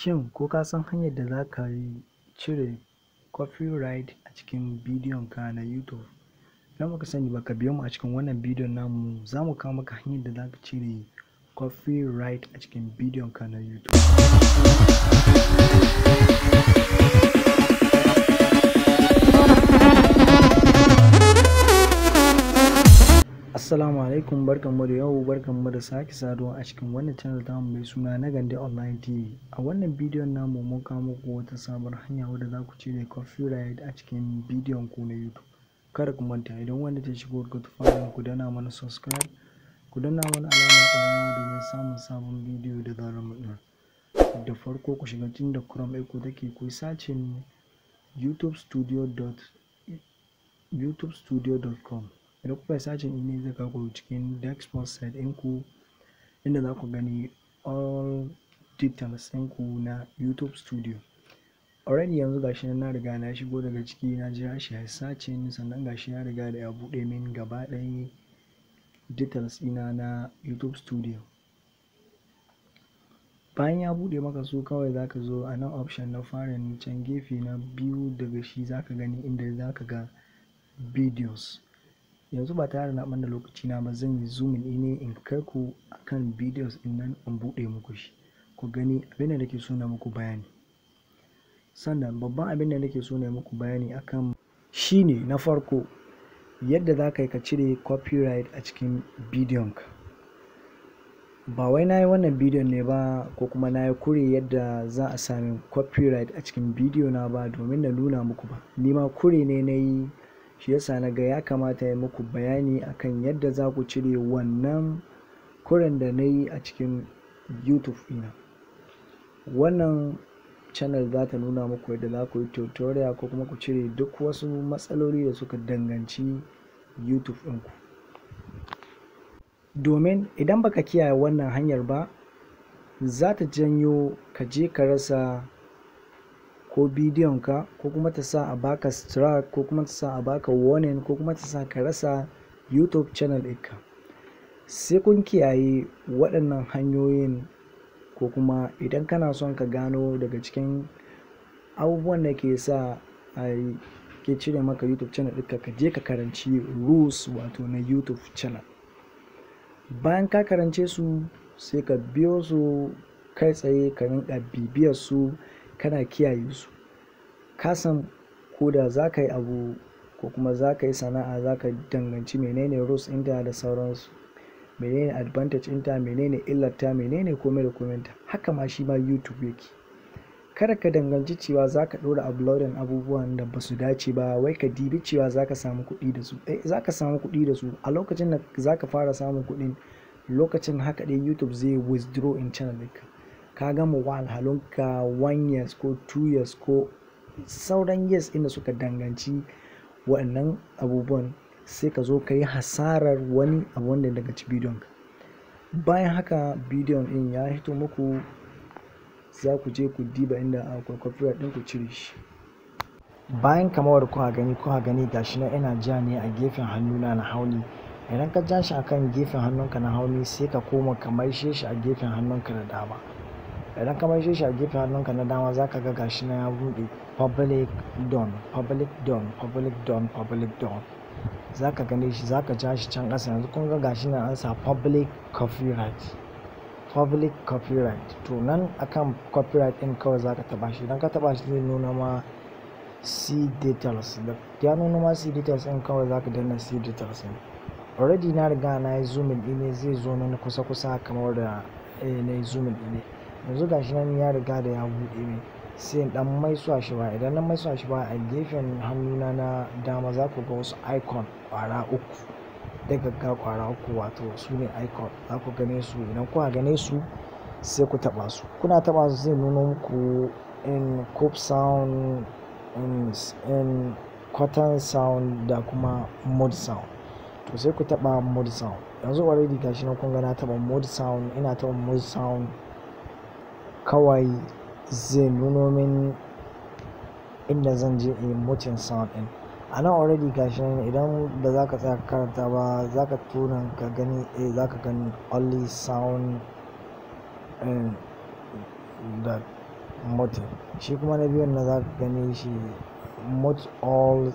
Shin ko ka san hanyar da za ka yi cire copyright a cikin bidiyon ka na YouTube? Idan baka sani ba ka biyo mu a cikin wannan bidiyon namu za mu kawo maka hanyar da za ka cire copyright a cikin bidiyonka na YouTube. Assalamu alaikum barkanmu da yau barkanmu da sake saduwa a cikin wannan channel ta mai suna na Gande Online TV. A wannan bidiyon namu mun kawo muku wata sabuwar hanya wadda za ku cire copyright a cikin bidiyon ku na YouTube. Kada ku manta idan wanda ta shigo ku tufa ku dana mana subscribe ku dana mana alamar ƙararrawa domin samun sabon bidiyo da zarar mu Da farko ku shiga cikin da Chrome ku take ku yi sacin com. idan kuka yi sacin email zai kawo cikin dashboard site ku inda za ku gani all details ɗinku na youtube studio already yanzu gashi na riga na shigo daga ciki na jira shi ya sacin sannan gashi ya riga da ya bude min gaba ɗaya details ɗina na youtube studio bayan ya bude maka su kawai zaka zo a nan option na farin can gefe na biyu daga shi zaka gani inda zaka ga videos yanzu ba tare na ɓanda lokaci na ba zan yi zoomin in ne in kai ku akan videos din nan in buɗe muku shi ku gani abin da nake so na muku bayani sannan babban abin da nake so na muku bayani akan shine na farko yadda za ka yi ka cire copyright a cikin bidiyon ka ba wai na yi wannan bidiyon ne ba ko kuma na yi kure yadda za a sami copyright a cikin bidiyo na ba domin na nuna muku ba nima kure ne na yi shi yasa na ga ya kamata ya muku bayani akan yadda za ku cire wannan kuren da na yi a cikin youtube ina wannan channel za ta nuna muku yadda za ku yi tutorial ko kuma ku cire duk wasu matsaloli da suka danganci youtube ɗinku domin idan baka kiyaye wannan hanyar ba za ta janyo ka je ka rasa ko bidiyon ka ko kuma ta sa a baka strike ko kuma ta sa a baka warning ko kuma ta sa ka rasa youtube channel ɗinka sai kun kiyaye waɗannan hanyoyin ko kuma idan kana son ka gano daga cikin abubuwan da ke sa a ke cire maka youtube channel ɗinka ka je ka karanci rules wato na youtube channel bayan ka karance su sai ka biyo su kai tsaye ka rinka bibiyar su kana kiyaye su kasan san ko da za ka yi abu ko kuma za ka yi sana'a za ka danganci menene rules inta da sauransu menene advantage inta menene illarta menene komai da komai ta haka ma shi ma youtube yake kada ka danganci cewa za ka ɗora uploading abubuwan da ba su dace ba wai ka dibi cewa za ka samu kuɗi da su eh za ka samu kuɗi da su a lokacin da za ka fara samun kuɗin lokacin haka dai youtube zai withdraw in channel ɗinka ka gama wahalhalunka one years ko two years ko sauran years inda suka danganci waɗannan abubuwan sai ka zo ka yi hasarar wani abu wanda daga ci bidiyon ka bayan haka bidiyon in ya hito muku za ku je ku diba inda akwai copyright ɗin ku cire shi bayan kamar kuka gani kuka gani gashi na ina ja ne a gefen hannuna na hauni idan ka ja shi akan gefen hannunka na hauni sai ka koma ka maishe shi a gefen hannunka na dama idan ka maishe shi a gefe hannunka na dama zaka ga gashi na ya buɗe public don public don public don public don zaka gane shi zaka ja shi can ƙasa yanzu kun ga gashi na an sa public copyright public copyright to nan akan copyright din kawai zaka taba shi idan ka taba shi zai nuna ma c details da ya nuna ma c details din kawai zaka danna c details din already na riga na yi zoom in ne zai zo nuna kusa kusa kamar da eh, na yi zoom in ne yanzu shi nan ya riga da ya buɗe min sai in mai suwa shi ba idan na suwa shi ba a gefen hannuna na dama za ku ga wasu icon kwara uku da gagga kwara uku wato su ne icon za ku gane su idan kuna gane su sai ku taba su kuna taba su zai nuna muku in cop sound in, cotton sound da kuma mud sound to sai ku taba mud sound yanzu already shi na kun na taba mud sound ina taba mud sound kawai zai nuno min inda zan je in mutin sound din a nan already gashi nan idan da za ka tsaya karanta ba za ka tuna ka gani eh za ka gani only sound in eh, da mutin shi kuma na biyun na za ka gani shi mut all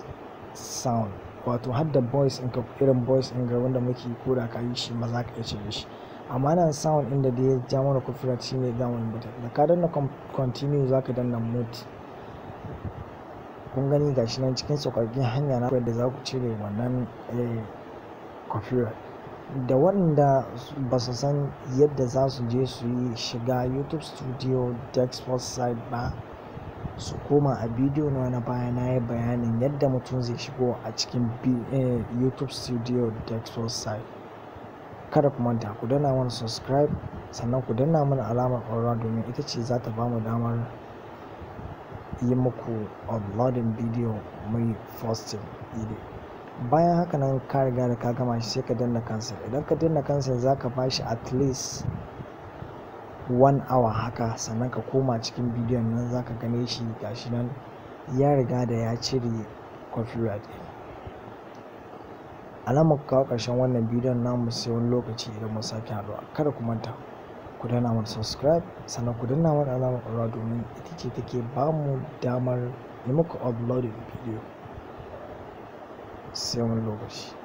sound wato har da voice in ka irin voice in ga wanda muke kura ka yi shi ma za ka iya shi amma nan sound inda da ya ja mana copyright shine zamanin bata da ka danna continue zaka danna mute kun gani gashi nan cikin sauƙaƙƙen hanya na da za ku cire wannan copyright eh, da waɗanda ba su san yadda za su je su yi shiga youtube studio dexport site ba su koma a bidiyo na wani baya na yi bayanin yadda mutum zai shigo a cikin eh, youtube studio dexport site kada ku manta ku danna mana subscribe sannan ku danna mana alamar ƙwararwa domin ita ce za ta bamu damar yi muku uploading bidiyo mai posting video bayan haka nan ka riga da ka gama shi sai ka danna cancel idan ka danna cancel za ka bashi at least one hour haka sannan ka koma cikin bidiyon nan za ka gane shi gashi nan ya riga da ya cire copyright alamar kawo ƙarshen wannan bidiyon namu sai wani lokaci idan mun sake haɗuwa kada ku manta ku danna mana subscribe sannan ku danna mana alamar ƙwararwa domin ita ce take ba mu damar yi muku uploading bidiyo sai wani lokaci